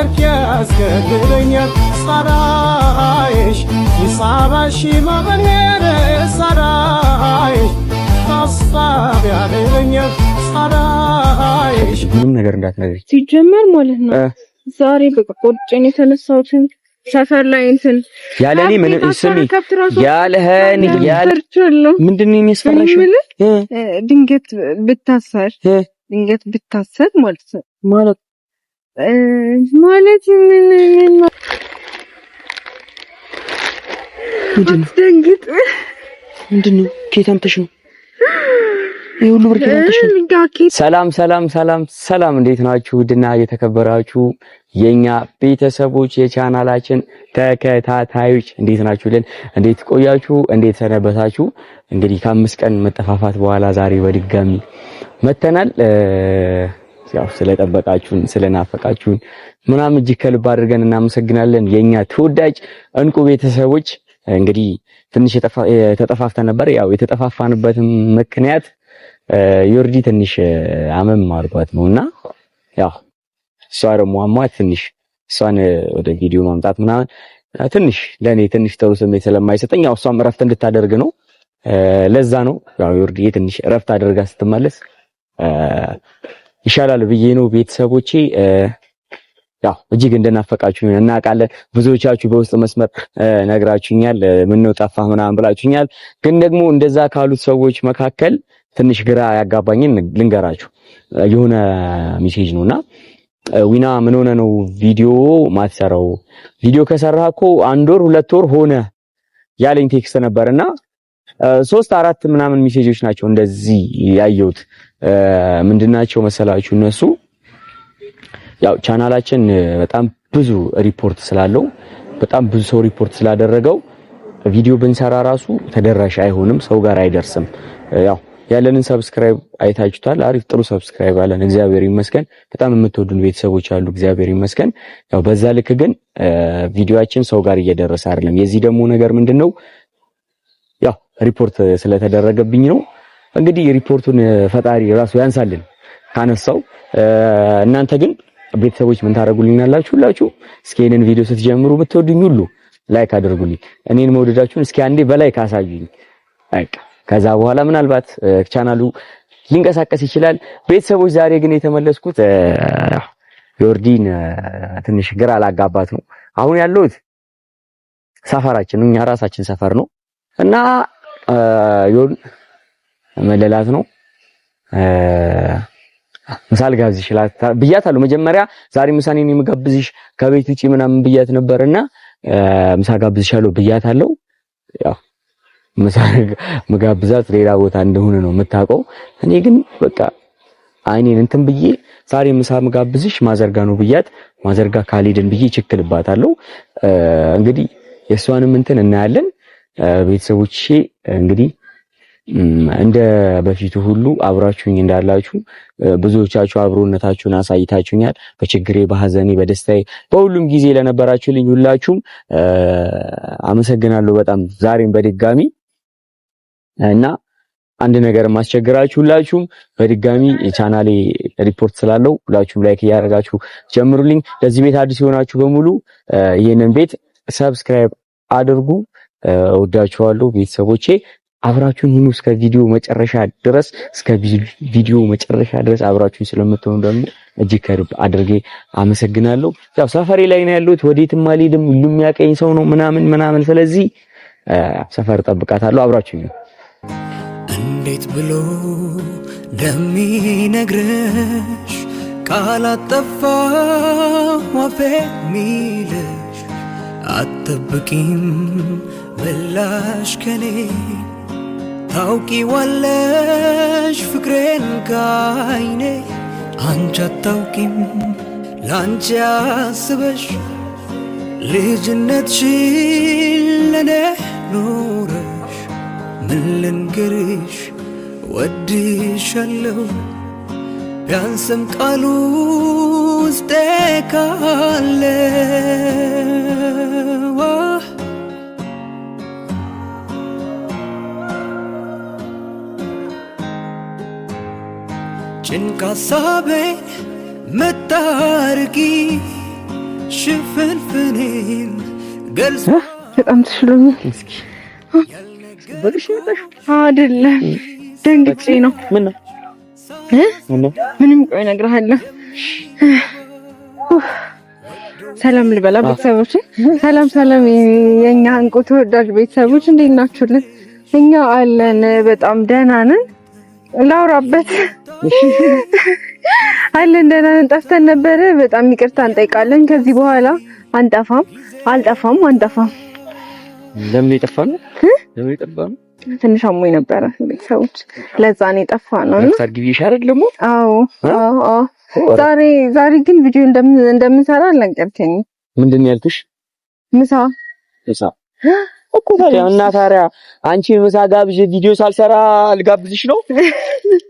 ላፍቅርክ ያስገድደኛል ጸራይሽ ይሳባሽ መቅኔር ጸራይሽ ታሳቢ ያደለኛል ጸራይሽ ምንም ነገር እንዳትነግሪ ሲጀመር ማለት ነው። ዛሬ በቃ ቁርጭን የተነሳሁትን ሰፈር ላይ እንትን ያለ እኔ ምንም ስሚ ያለህን ያለ ምንድን ነው የሚያስፈራሽ? ድንገት ብታሰር ድንገት ብታሰር ማለት ነው ማለት ማለት ምን ደንግጥ ምንድን ነው? ከየት ነው? ሰላም ሰላም ሰላም ሰላም፣ እንዴት ናችሁ? ድና የተከበራችሁ የኛ ቤተሰቦች የቻናላችን ተከታታዮች እንዴት ናችሁልን? እንዴት ቆያችሁ? እንዴት ሰነበታችሁ? እንግዲህ ከአምስት ቀን መጠፋፋት በኋላ ዛሬ በድጋሚ መተናል። ያው ስለጠበቃችሁን ስለናፈቃችሁን ምናምን እጅግ ከልብ አድርገን እናመሰግናለን። የኛ ተወዳጅ እንቁ ቤተሰቦች እንግዲህ ትንሽ ተጠፋፍተ ነበር። ያው የተጠፋፋንበትም ምክንያት ዮርዲ ትንሽ አመም አድርጓት ነውና ያው እሷ ደግሞ አሟት ትንሽ እሷን ወደ ቪዲዮ ማምጣት ምናምን ትንሽ ለኔ ትንሽ ጥሩ ስሜት ስለማይሰጠኝ ያው እሷም እረፍት እንድታደርግ ነው። ለዛ ነው ያው ዮርዲ ትንሽ እረፍት አድርጋ ስትመለስ ይሻላል ብዬ ነው ቤተሰቦቼ። ያው እጅግ እንደናፈቃችሁ እናውቃለን። ብዙዎቻችሁ በውስጥ መስመር ነግራችሁኛል፣ ምነው ጠፋህ ምናምን ብላችሁኛል። ግን ደግሞ እንደዛ ካሉት ሰዎች መካከል ትንሽ ግራ ያጋባኝን ልንገራችሁ የሆነ ሜሴጅ ነውና ዊና ምን ሆነ ነው ቪዲዮ ማትሰራው? ቪዲዮ ከሰራህ እኮ አንድ ወር ሁለት ወር ሆነ ያለኝ ቴክስት ነበርና ሶስት አራት ምናምን ሚሴጆች ናቸው እንደዚህ ያየሁት። ምንድናቸው መሰላችሁ እነሱ ያው ቻናላችን በጣም ብዙ ሪፖርት ስላለው በጣም ብዙ ሰው ሪፖርት ስላደረገው ቪዲዮ ብንሰራ ራሱ ተደራሽ አይሆንም፣ ሰው ጋር አይደርስም። ያው ያለንን ሰብስክራይብ አይታችሁታል። አሪፍ ጥሩ ሰብስክራይብ አለን፣ እግዚአብሔር ይመስገን። በጣም የምትወዱን ቤተሰቦች አሉ፣ እግዚአብሔር ይመስገን። ያው በዛ ልክ ግን ቪዲዮአችን ሰው ጋር እየደረሰ አይደለም። የዚህ ደግሞ ነገር ምንድነው ሪፖርት ስለተደረገብኝ ነው። እንግዲህ ሪፖርቱን ፈጣሪ ራሱ ያንሳልን ካነሳው። እናንተ ግን ቤተሰቦች ምን ታደርጉልኛላችሁ? ሁላችሁ እስኪ ይሄንን ቪዲዮ ስትጀምሩ ብትወዱኝ ሁሉ ላይክ አድርጉልኝ። እኔን መውደዳችሁን እስኪ አንዴ በላይ ካሳዩኝ በቃ ከዛ በኋላ ምናልባት ቻናሉ ሊንቀሳቀስ ይችላል። ቤተሰቦች ዛሬ ግን የተመለስኩት ዮርዲን ትንሽ ግራ አላጋባት ነው። አሁን ያለሁት ሰፈራችን እኛ ራሳችን ሰፈር ነው እና ዮን መለላት ነው ምሳል ይችላል ብያታለሁ። መጀመሪያ ዛሬ ምሳኔ ነው የምጋብዝሽ ከቤት ውጪ ምናምን ብያት ነበርና ምሳ ጋብዝሻለሁ ብያታለሁ። ያው ምሳ ምጋብዛት ሌላ ቦታ እንደሆነ ነው የምታውቀው። እኔ ግን በቃ አይኔን እንትን ብዬ ዛሬ ምሳ ምጋብዝሽ ማዘርጋ ነው ብያት ማዘርጋ ካልሄድን ብዬ ችክልባታለሁ። እንግዲህ የእሷንም እንትን እናያለን። ቤተሰቦቼ እንግዲህ እንደ በፊቱ ሁሉ አብራችሁኝ እንዳላችሁ ብዙዎቻችሁ አብሮነታችሁን አሳይታችሁኛል። በችግሬ፣ በሐዘኔ፣ በደስታዬ በሁሉም ጊዜ ለነበራችሁልኝ ሁላችሁም አመሰግናለሁ በጣም ዛሬም በድጋሚ እና አንድ ነገር ማስቸግራችሁ ሁላችሁም በድጋሚ ቻናሌ ሪፖርት ስላለው ሁላችሁም ላይክ እያደረጋችሁ ጀምሩልኝ። ለዚህ ቤት አዲስ የሆናችሁ በሙሉ ይህንን ቤት ሰብስክራይብ አድርጉ። ወዳችኋለሁ ቤተሰቦቼ። አብራችሁን ሁኑ እስከ ቪዲዮ መጨረሻ ድረስ። እስከ ቪዲዮ መጨረሻ ድረስ አብራችሁን ስለምትሆኑ ደግሞ እጅግ ከልብ አድርጌ አመሰግናለሁ። ያው ሰፈሬ ላይ ነው ያለሁት፣ ወዴትም አልሄድም። ሁሉም ያቀኝ ሰው ነው ምናምን ምናምን። ስለዚህ ሰፈር ጠብቃታለሁ። አብራችሁኝ እንዴት ብሎ እንደሚነግርሽ ቃላት ጠፋ አፌ ሚልሽ አትጠብቂም ምላሽ ከኔ ታውቂዋለሽ ፍቅሬን ከአይኔ አንቺ አታውቂም ለአንቺ ያስበሽ ልጅነትሽን ለኔ ኖረሽ ምን ልንገርሽ ወድሻለሁ ቢያንስም ቃሉ ውስጤ ካለ ጭንቅ ሀሳቤን መታርጊ ሽፍንፍኔን ገልጽ በጣም ተሽሎኛል። እስኪ በግሽ መጣሽ አይደለም? ደንግጬ ነው። ምን ነው ምንም። ቆይ እነግርሃለሁ። ሰላም ልበላ ቤተሰቦች፣ ሰላም ሰላም፣ የኛ እንቁ ተወዳጅ ቤተሰቦች እንዴት ናችሁልን? እኛ አለን፣ በጣም ደህና ነን። ላውራበት አለን ደህና ነን። ጠፍተን ነበረ። በጣም ይቅርታ እንጠይቃለን። ከዚህ በኋላ አንጠፋም፣ አልጠፋም፣ አንጠፋም። ለምን የጠፋ ነው? ለምን የጠፋ ነው? ትንሽ አሞኝ ነበረ ቤተሰቦች፣ ለዛ ነው የጠፋ ነው። ሰርግ ብዬሽ አይደል ደግሞ? አዎ፣ አዎ። ዛሬ ዛሬ ግን ቪዲዮ እንደምንሰራ አልነገርከኝም። ምንድን ያልኩሽ? ምሳ ምሳ እኮ ታዲያ እና ታዲያ አንቺ ምሳ ጋብዥ ቪዲዮ ሳልሰራ ልጋብዝሽ ነው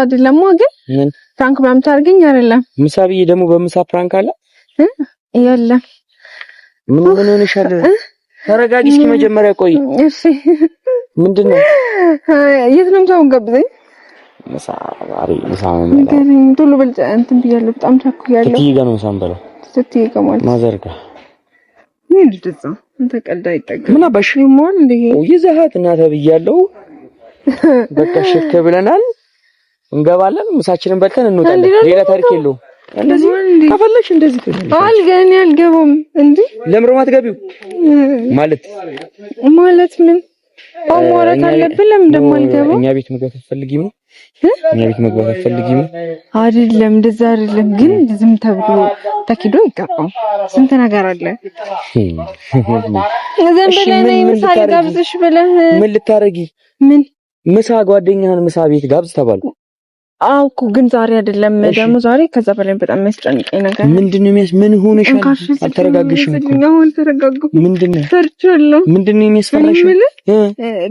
አይደለም ግን ፍራንክ ምናምን ታርገኝ አይደለም። ምሳ ብዬ ደግሞ በምሳ ፍራንክ አለ የለም። ምን ምን ሆነሻል? ተረጋጊ እስኪ መጀመሪያ ቆይ። እሺ ምንድን ነው? የት ነው ምሳውን ገብዘኝ? ምሳ ምሳ ቶሎ እንትን ብያለሁ። በጣም ጋር ነው ጋር ማለት ምን አንተ ቀልድ ምን አባሽ በቃ ሽክ ብለናል። እንገባለን፣ ምሳችንን በልተን እንወጣለን። ሌላ ታሪክ የለውም። እንደዚህ ከፈለግሽ እንደዚህ ትሆናለሽ። አልገን አልገባም። እንዴ ለምሮ ማትገቢው ማለት ማለት ምን አሞራት አለብን? ለምን ደግሞ አልገባም? እኛ ቤት መግባት አትፈልጊም? እኛ ቤት መግባት አትፈልጊም? አይደለም፣ እንደዛ አይደለም። ግን ዝም ተብሎ ተኪዶ ይገባም። ስንት ነገር አለ። ዘን በለኔ ነይ ምሳ ልጋብዝሽ ብለህ ምን ልታረጊ? ምን ምሳ ጓደኛህን ምሳ ቤት ጋብዝ ተባልኩ አዎ እኮ ግን ዛሬ አይደለም። ደግሞ ዛሬ ከዛ በላይ በጣም የሚያስጨንቀኝ ነገር ምንድን ነው? የሚያስ ምን ሆነሽ አልተረጋግሽም? አሁን ተረጋግኩ። ምንድን ነው ፈርቻለሁ። ምንድን ነው የሚያስፈራሽ?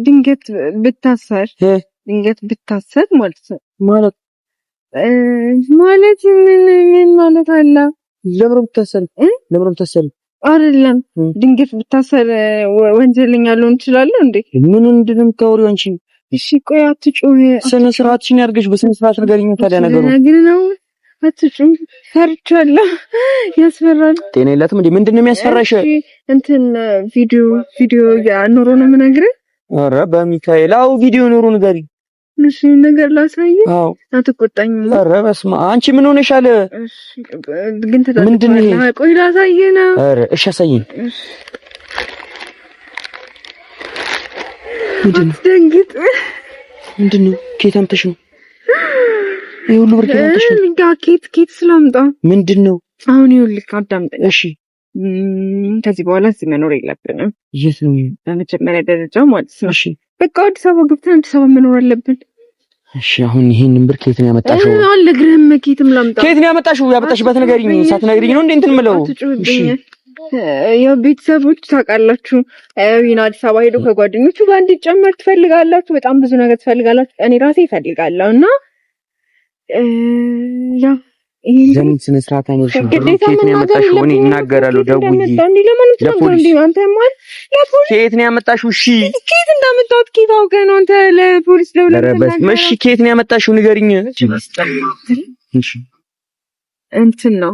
ድንገት ብታሰር ድንገት ብታሰር ማለት ማለት ማለት ምን ማለት አለ? ለምን ብታሰር ለምን ብታሰር አይደለም ድንገት ብታሰር ወንጀለኛ ልሆን እችላለሁ እንዴ? ምን እንድንም ነው የምታወሪው እሺ ቆይ አትጩህ። ስነ ስርዓትሽን ያድርግሽ። በስነ ስርዓት ንገሪኝ። ታዲያ ነገሩ ግን ነው። አትጩህ። ፈርቻለሁ። ያስፈራል። ጤና የላትም እንዴ? ምንድን ነው የሚያስፈራሽ? እንትን ቪዲዮ ቪዲዮ ኑሮ ነው የምነግርህ። ኧረ በሚካኤል አዎ፣ ቪዲዮ ኑሮ ንገሪኝ። እሺ ነገር ላሳየህ። አዎ አትቆጣኝም? ኧረ በስመ አብ አንቺ ምን ሆነሻል? ግን ተጣጣ ቆይ ላሳየህ ነው። ኧረ እሺ አሳየኝ። ምንድን ነው? ደንግጥ ኬት አምጥተሽ ነው ይሄ ሁሉ ብር? ኬት አምጥተሽ ነው? ኬት ኬት ስላምጣ ምንድን ነው አሁን? ይኸውልህ አዳምጠኝ እሺ። ከዚህ በኋላ እዚህ መኖር የለብንም። የት ነው? በመጀመሪያ ደረጃ ማለት ነው። እሺ በቃ አዲስ አበባ ገብተን አዲስ አበባ መኖር አለብን። እሺ አሁን ይሄንን ብር ኬት ነው ያመጣሽው? አልነግርህም። ኬትም ላምጣ ኬት ነው ያመጣሽው? ያመጣሽበት ነገር ሳትነግሪኝ ነው እንዴ እንትን የምለው? እሺ ያው ቤተሰቦች ታውቃላችሁ፣ ይህን አዲስ አበባ ሄዶ ከጓደኞቹ ጋር እንዲጨመር ትፈልጋላችሁ። በጣም ብዙ ነገር ትፈልጋላችሁ። እኔ ራሴ እፈልጋለሁ እና ዘኒት ስነ ስርዓት አይኖርሽም። ብሩኬት ነው ያመጣሽው? እኔ እናገራለሁ። ደውዬ ያመጣሽው? እሺ ኬት እንዳመጣሁት ኬት አንተ ለፖሊስ ደውለህ? እሺ ኬት ነው ያመጣሽው? ንገሪኝ። እንትን ነው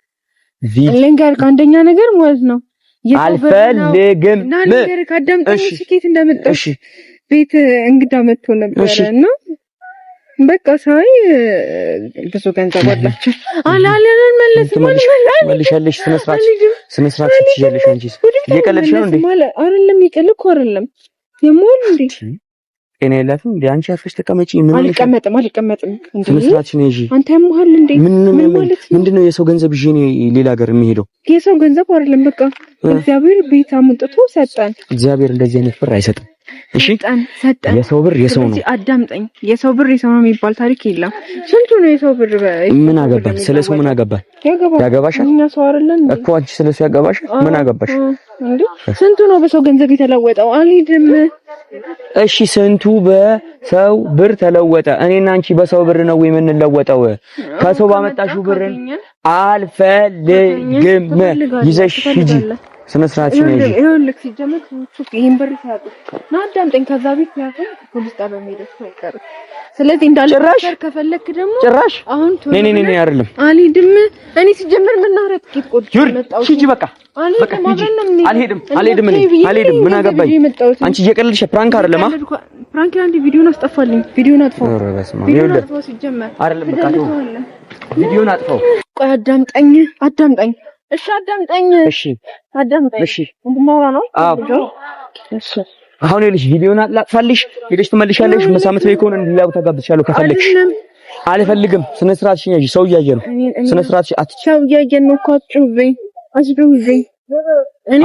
ልንገርህ፣ አንደኛ ነገር ማለት ነው አልፈልግም። ልንገርህ፣ አዳምጠኝ። ስኬት እንደመጣሽ ቤት እንግዳ መጥቶ ነበረ እና በቃ ሳይ ብዙ ገንዘብ አላችሁ አላለን መለስ መልሻለሽ። ስነ ስርዓት ስነ ስርዓት ትይዣለሽ። አንቺስ እየቀለድሽ ነው እንዴ? አይደለም፣ ይቀልኩ አይደለም የሞል እንዴ ጤና የላትም። አንቺ አርፈሽ ተቀመጪ። ምን አልቀመጥም አልቀመጥም። ምንድን ነው የሰው ገንዘብ ይዤ እኔ ሌላ ሀገር የሚሄደው? የሰው ገንዘብ አይደለም። በቃ እግዚአብሔር ቤት አምጥቶ ሰጠን። እግዚአብሔር እንደዚህ አይነት ፍር አይሰጥም። እሺ ሰጠን። የሰው ብር የሰው ነው። አዳምጠኝ። የሰው ብር የሰው ነው የሚባል ታሪክ የለም። ስንቱ ነው የሰው ብር? ምን አገባን? ስለ ሰው ምን አገባን? ያገባሻል እኮ አንቺ ስለ ሰው ያገባሻል? ምን አገባሽ? ስንቱ ነው በሰው ገንዘብ የተለወጠው? አልሄድም። እሺ ስንቱ በሰው ብር ተለወጠ? እኔና አንቺ በሰው ብር ነው የምንለወጠው። ከሰው ባመጣሽው ብር አልፈልግም፣ ይዘሽ ሂጂ ስነ ስርዓት ነው እንጂ ይኸውልህ፣ ሲጀመር ይሄን ብር ሲያጡት ነው። አዳምጠኝ። ከዛ ቤት ያፈን ፖሊስ ጣቢያ መሄደሱ አይቀርም። ስለዚህ እንዳለ ጭራሽ ከፈለክ ደግሞ ጭራሽ አሁን ቶሎ ነኝ ነኝ አይደለም አልሄድም። እኔ ሲጀመር ምን አረጥ ቂት ቆጥ መጣው ሂጂ፣ በቃ በቃ ሂጂ። አልሄድም፣ አልሄድም፣ አልሄድም። ምን አገባኝ? አንቺ እየቀለልሽ ፕራንክ አይደለማ። ፕራንክ አንድ ቪዲዮን አስጠፋልኝ። ቪዲዮን አጥፋው፣ ቪዲዮን አጥፋው። ሲጀመር አይደለም፣ በቃ ቪዲዮን አጥፋው። ቆይ አዳምጠኝ፣ አዳምጠኝ እሺ አዳምጠኝ። እሺ አዳምጠኝ። እሺ ነው። እሺ አሁን ይኸውልሽ ቪዲዮን አጥላጥፋልሽ ሄደሽ ትመልሻለሽ። ምሳ የምትበይ ከሆነ ሌላ ቦታ ጋብዝሻለሁ ከፈለግሽ። አልፈልግም። ስነ ስርዓት ያዥ። ሰው እያየ ነው። ስነ ስርዓትሽ አት ሰው እያየ ነው።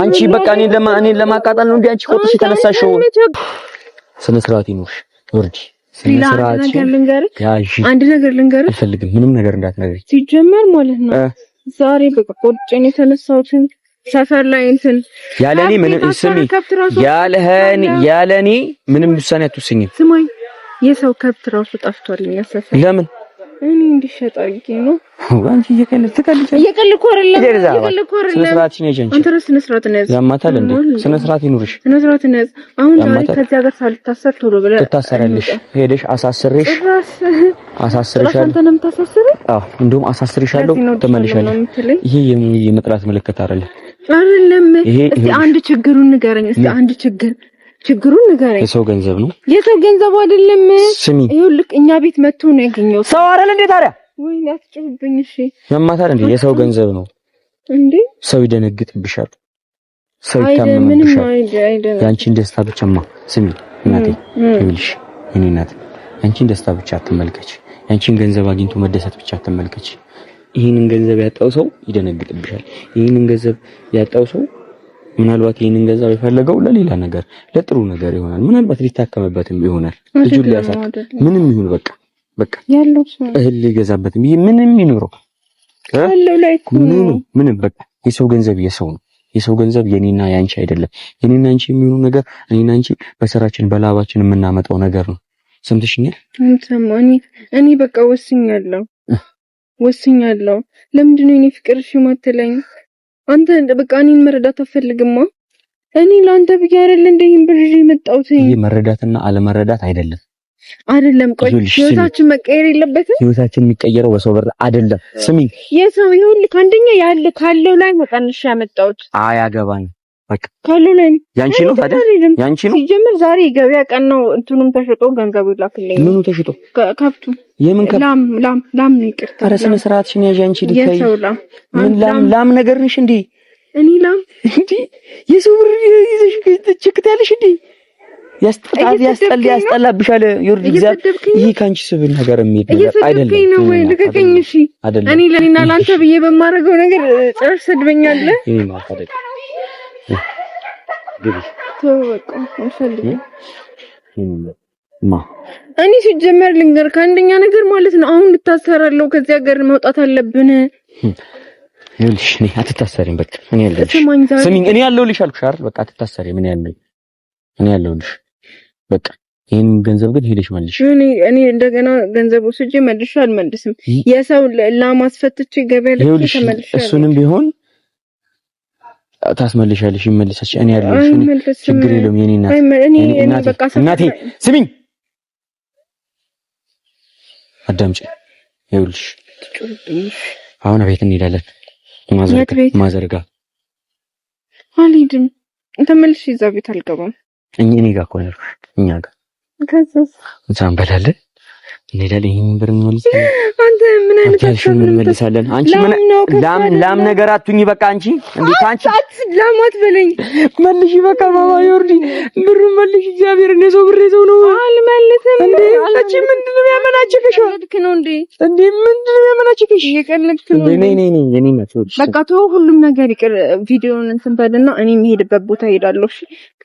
አንቺ በቃ እኔን ለማቃጠል ነው እንዴ? አንቺ ቆጥሽ የተነሳሽው ስነ ስርዓት ይኑርሽ። ወርጂ። ስነ ወርዲ አንድ ነገር ልንገርሽ፣ አልፈልግም ምንም ነገር እንዳትነግሪኝ ሲጀመር ማለት ነው ዛሬ በቃ ቆጭኝ የተነሳሁትን ሰፈር ላይ እንትን ያለኔ ምንም ስሚ ያለህን ያለኔ ምንም ውሳኔ አትወስኝም። ስማኝ የሰው ከብት ራሱ ጠፍቷል። ለምን እኔ እንዲሸጥ አድርጌ ነው። አንቺ እየቀለድሽ ትቀልጃለሽ። እየቀለድኩ አይደለም፣ እየቀለድኩ አይደለም። አንተ ስነ ስርዓት ነው። ያማታል እንዴ? ስነ ስርዓት ይኑርሽ፣ ስነ ስርዓት ነው። አሁን ዛሬ ከዚያ ጋር ሳልታሰር ቶሎ ብለህ ትታሰራለሽ። ሄደሽ አሳስሬሽ አሳስሬሻለሁ። አንተ ነው የምታሳስረኝ? አዎ፣ እንደውም አሳስሬሻለሁ፣ ትመልሻለሽ። ይሄ የመጥላት ምልክት አይደለም፣ አይደለም። እስቲ አንድ ችግሩን ንገረኝ፣ እስቲ አንድ ችግር ችግሩን ንገረኝ። የሰው ገንዘብ ነው። የሰው ገንዘብ አይደለም። ስሚ፣ ይኸውልህ እኛ ቤት መጥቶ ነው ያገኘው ሰው አይደል እንዴ? ታዲያ ወይ አትጭብብኝ። እሺ፣ መማታት እንዴ? የሰው ገንዘብ ነው እንዴ? ሰው ይደነግጥብሻል፣ ሰው ይታመምብሻል። የአንቺን ደስታ ብቻማ። ስሚ እናቴ፣ ይኸውልሽ እኔ እናት፣ የአንቺን ደስታ ብቻ አትመልከች። የአንቺን ገንዘብ አግኝቶ መደሰት ብቻ አትመልከች። ይህንን ገንዘብ ያጣው ሰው ይደነግጥብሻል። ይህንን ገንዘብ ያጣው ሰው ምናልባት ይህንን ገንዘብ የፈለገው ለሌላ ነገር ለጥሩ ነገር ይሆናል። ምናልባት ሊታከምበትም ይሆናል። ልጁ ሊያሳክ ምንም ይሁን በቃ በቃ ያለው እህል ሊገዛበትም ይሄ ምንም ይኖረው ምንም ምንም በቃ የሰው ገንዘብ የሰው ነው። የሰው ገንዘብ የኔና ያንቺ አይደለም። የኔና አንቺ የሚሆኑ ነገር እኔና አንቺ በስራችን በላባችን የምናመጣው ነገር ነው። ሰምተሽኛል? እኔ እኔ በቃ ወስኛለሁ ወስኛለሁ። ለምንድን ነው እኔ ፍቅር ሽማትለኝ አንተ በቃ እኔን መረዳት አፈልግማ። እኔ ለአንተ ብዬ አይደል እንደይም ብር የመጣሁት። ይሄ መረዳትና አለመረዳት አይደለም አይደለም። ቆይ ህይወታችን መቀየር የለበትም። ህይወታችን የሚቀየረው በሰው ብር አይደለም። ስሚ የሰው ይሁን አንደኛ ያለ ካለው ላይ መቀነሻ ያመጣሁት አያገባን ያንቺ ነው ታዲያ ያንቺ ነው። ሲጀምር ዛሬ ገበያ ቀን ነው። እንትኑም ተሽጦ ገንዘቡ ይላክልኝ። ምኑ ተሽጦ? ከብቱ። የምን ከብት? ላም ላም ላም ነው። ይቅርታ። ኧረ ስነ ስርዓትሽን ያዥ ልታይ ምን ላም ላም ነገር ነሽ እንዴ? እኔ ላም እንዴ? የሰው ብር ይዘሽ እንዴ? ያስጠላል ያስጠላል ያስጠላብሻል። ይወርድ ይሄ ካንቺ ነገር የሚሄድ ነገር አይደለም። ልቀቀኝ። እሺ እኔ ለኔና ላንተ ብዬ ነገር ጭራሽ ሰድበኛለህ። ይሄ እኔ ሲጀመር ልንገር ከአንደኛ ነገር ማለት ነው አሁን ልታሰራለው ከዚህ ሀገር መውጣት አለብን። ይኸውልሽ እኔ አትታሰሪም። በቃ እኔ ያለሁልሽ ስሚኝ፣ እኔ ያለሁልሽ አልኩሽ አይደል? በቃ አትታሰሪም። እኔ ያለሁልሽ እኔ ያለሁልሽ በቃ ይሄን ገንዘብ ግን ሄደሽ መልሽ። እኔ እኔ እንደገና ገንዘብ ወስጄ መልሼ አልመልስም። የሰው ላማስፈትቼ ገበያ ልክ ተመልሼ እሱንም ቢሆን ታስመልሻለሽ፣ ይመልሳች። እኔ ያለሁሽ ችግር የለውም የኔ እናት። እናቴ ስሚኝ፣ አዳምጪ። ይኸውልሽ አሁን ቤት እንሄዳለን። ማዘርጋ አልሄድም፣ ተመልሼ እዛ ቤት አልገባም። እኔ እኔ ጋር እኮ ነው ያልኩሽ፣ እኛ ጋር ከዛ እንበላለን እንመልሳለን። አንቺ ምን ላም ላም ነገር አትሁኝ። በቃ አንቺ እንዴት አንቺ ላም አትበለኝ። መልሽ በቃ ማማ ይወርዲ ብሩ መልሽ። እግዚአብሔር ነው ሰው ብር ይዘው ነው አልመልስም። እንዴ አንቺ ምንድን ነው ያመናችከሽ? እንዴ ምንድን ነው ያመናችከሽ? የቀለድክ ነው። ነይ ነይ እኔ እኔ በቃ ተው፣ ሁሉም ነገር ይቅር። ቪዲዮውን እንትን በልና እኔ የምሄድበት ቦታ እሄዳለሁ።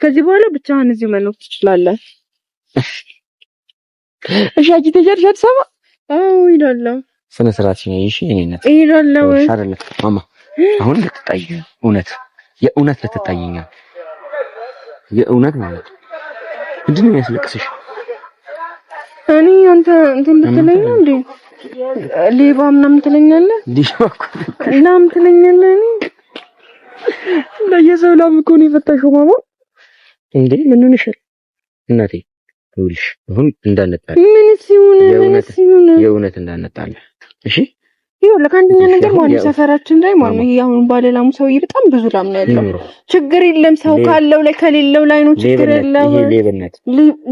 ከዚህ በኋላ ብቻህን እዚሁ መኖር ትችላለህ። እሺ አንቺ ተጀርሽ አትሰማ ይላለው ስነ ስርዓት ሲይሽ እኔነት ይላለው አይደለ ማማ አሁን ልትታይ እውነት የእውነት ልትታይኛል የእውነት ማለት ምንድን ነው የሚያስለቅስሽ እኔ አንተ እንትን ልትለኝ ነው እንዴ ሌባ ምናምን ትለኛለህ ምናምን ትለኛለህ እኔ ለየሰው ላም እኮ ነው የፈታሽው ማማ እንዴ ምን ሆነሻል እናቴ ይኸውልሽ አሁን እንዳነጣለን። ምን ይሁን ምንስ ይሁን የእውነት እንዳነጣለ እሺ ይኸውልህ አንደኛ ነገር ማን ሰፈራችን ላይ ማን ይሄ አሁን ባለላሙ ሰውዬ በጣም ብዙ ላም ነው ያለው። ችግር የለም ሰው ካለው ላይ ከሌለው ላይ ነው ችግር የለም። ሌብነት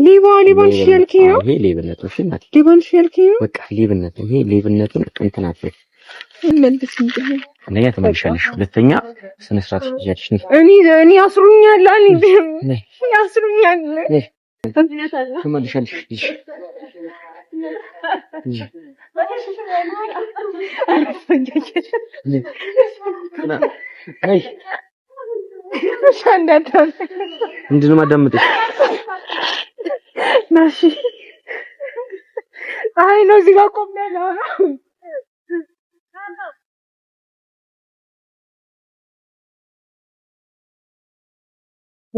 ሌባ ሌባን እሺ ያልከኝ ነው ይሄ ሌብነት ነው። እሺ እናቴ ሌባን እሺ ያልከኝ ነው በቃ ሌብነት ነው ይሄ ሌብነቱን እንትን ነው አንደኛ ትመልሻለሽ፣ ሁለተኛ ስነ ስርዓት ትያለሽ። እኔ እኔ ያስሩኛል አለኝ ያስሩኛል ምንድን ነው የማዳምጥሽ? ናሺ አይ ነው እዚህ ጋር ቆም ያለው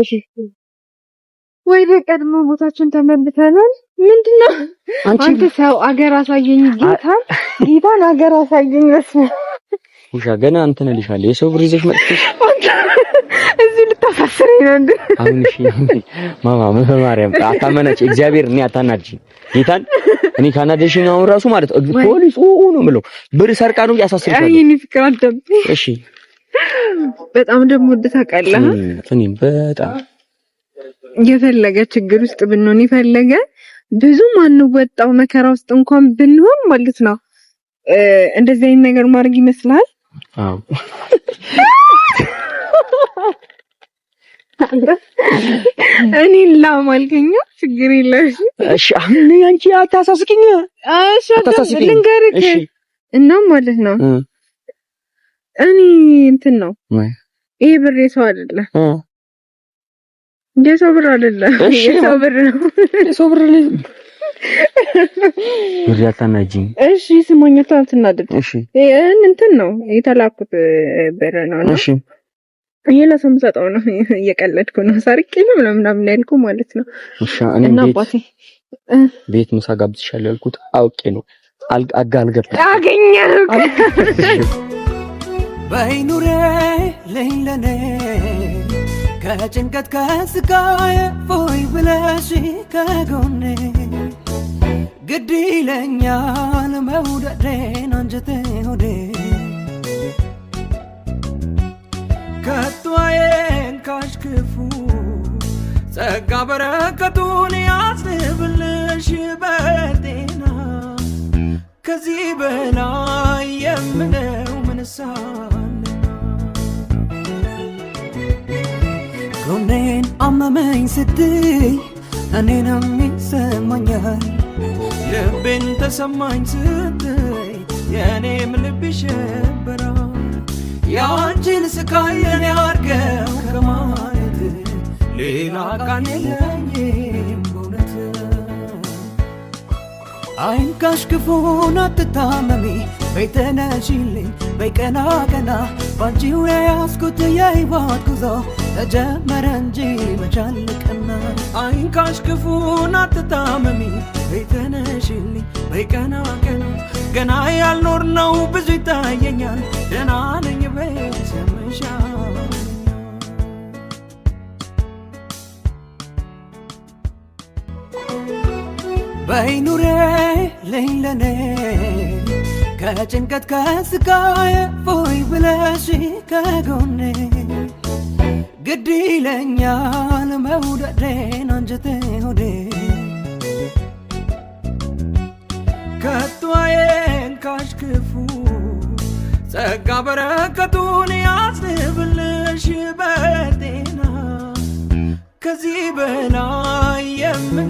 እሺ ወይ በቀድሞ ቦታችን ተመልሰናል። ምንድነው አንተ ሰው አገር አሳየኝ፣ ጌታ ጌታን አገር አሳየኝ። መስሎ ውሻ ገና አንተ እንትን ልሻለ የሰው ብር ይዘሽ መጥተሽ እዚህ ልታሳስረኝ ነው እንዴ? አሁን እሺ ማማ በማርያም አታመናጭ፣ እግዚአብሔር እኔ አታናጭ ጌታን እኔ ካናደሽኝ አሁን ራሱ ማለት ፖሊስ ኡ ነው ምለው ብር ሰርቃ ነው ያሳስረሻል። አይ እኔ ፍቅር አልደብኝ። እሺ በጣም ደግሞ ወደ ታውቃለህ እኔም በጣም የፈለገ ችግር ውስጥ ብንሆን የፈለገ ብዙ ማንወጣው መከራ ውስጥ እንኳን ብንሆን ማለት ነው እንደዚህ አይነት ነገር ማድረግ ይመስላል። አዎ እኔ ላማልከኛ ችግር የለሽ። እሺ አሁን አንቺ አታሳስቂኝ። እሺ አታሳስቂኝ፣ ልንገርህ እና ማለት ነው እኔ እንትን ነው ይሄ ብሬ ሰው አይደለም የሰው ብር አይደለም፣ የሰው ብር ነው። የሰው ብር እሺ አትናደድ። እሺ ይሄን እንትን ነው የተላኩት ብር ነው። እሺ ይሄ ለሰው የምሰጠው ነው። እየቀለድኩ ነው። ሰርቄ ነው ምናምን ማለት ነው። እሺ ቤት ምሳ ጋብዝሻለሁ ያልኩት አውቄ ነው። አገኘህ ለኔ ከጭንቀት ከስቃዬ ፎይ ብለሽ ከጎኔ ግድ ይለኛል መውደዴን አንጀቴ ሆዴ ከቷዬን ካሽክፉ ጸጋ በረከቱን ያስብልሽ በጤና ከዚህ በላይ የምለው ምንሳን አመመኝ ስትይ እኔንም ይሰማኛል ልቤን ተሰማኝ ስትይ የእኔም ልብ ይሸበራል። ያንቺን ስቃይ የኔ አድርገው ከማየት ሌላ ቃል የለኝም በእውነት። አይንካሽ ክፉን አትታመሚ በይተነሽልኝ በይቀና ቀና ባንቺው የያዝኩት የህይወት ጉዞ ተጀመረ እንጂ መቻልቅና አይንካሽ ክፉን አትታመሚ ቤተነሽልኝ በይቀና ቀና ገና ነው ብዙ ይታየኛል ደህና ነኝ በይ ሰምሻ በይኑሬ ለይለኔ ከጭንቀት ከስቃዬ ፎይ ብለሽ ከጎኔ ግድ ይለኛል መውደዴን አንጀቴ ሆዴ ከቷዬን ካሽክፉ ጸጋ በረከቱን ያስብልሽ በጤና ከዚህ በላይ የምን